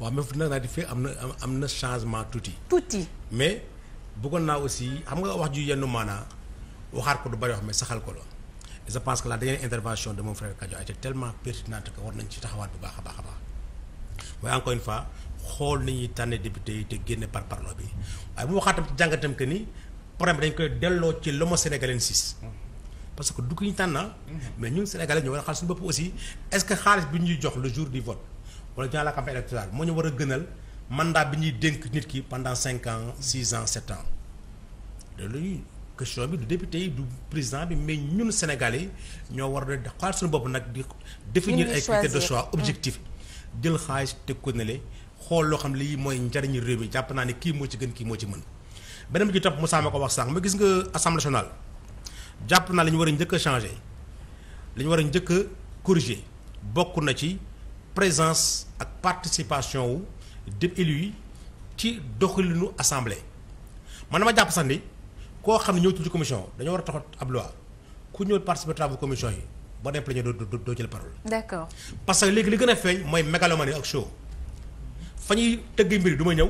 waa mais fu nag naa di fee am na am na changement tuuti. tuuti mais bëggoon naa aussi xam nga wax ju yenn maanaa waxaat ko du bari wax mais saxal ko la je pense que la dernière intervention de mon frère Kadio a été tellement pertinente que war nañ ci taxawaat bu baax a baax a baax mooy encore une fois xool ni ñuy tànne député yi te génne par parlo bi waaye bu waxaatam ci jàngatam que ni problème dañ koy delloo ci ma sénégalais siis parce que du ñu tànn mais ñun sénégalais ñoo war a xaalis suñu ce que xaalis bi ñuy jox le jour du vote wala durant la campagne électorale moo ñu war a gënal mandat bi ñuy dénk nit ki pendant cinq ans six ans sept ans loolu question bi du député yi du président bi mais ñun Sénégalais ñoo war a xool suñu bopp nag di définir ay critères de choix objectif jël xaalis te ko nele xool loo xam lii mooy njariñu réew mi jàpp naa ne kii moo ci gën kii moo ci mën beneen bi ci topp Moussa ma ko wax sànq ma gis nga assemblée nationale jàpp naa li war a njëkk a changé li war a njëkk a corrigé bokk na ci présence ak participation wu dép élu yi ci doxalinu assemblée man dama jàpp sax ni koo xam ne ñëw tudd commission dañoo war a taxat ab loi ku ñëw participer travaux commission yi ba dem plaidé doo doo jël parole. d'accord parce que léegi li gën a feeñ mooy mégalomanie ak show fa ñuy tëgg mbir du ma ñëw.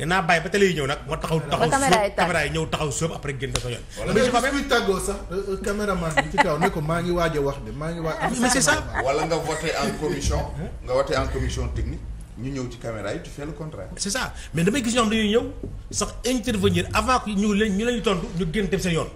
ne naa bàyyi ba télé yi ñëw nag ma taxaw taxaw sóob après génn sa yoon tàggoo sax euh, euh, caméraman bi ci kaw ne maa ngi waaj a wax de maa ngi waaj mais c'est ça wala nga voté en commission nga voté en commission technique ñu ñëw ci caméra yi tu fais le contraire c'est ça mais damay gis ñoo xam ñëw sax intervenir avant que ñu leen ñu leen tontu ñu génn dem seen yoon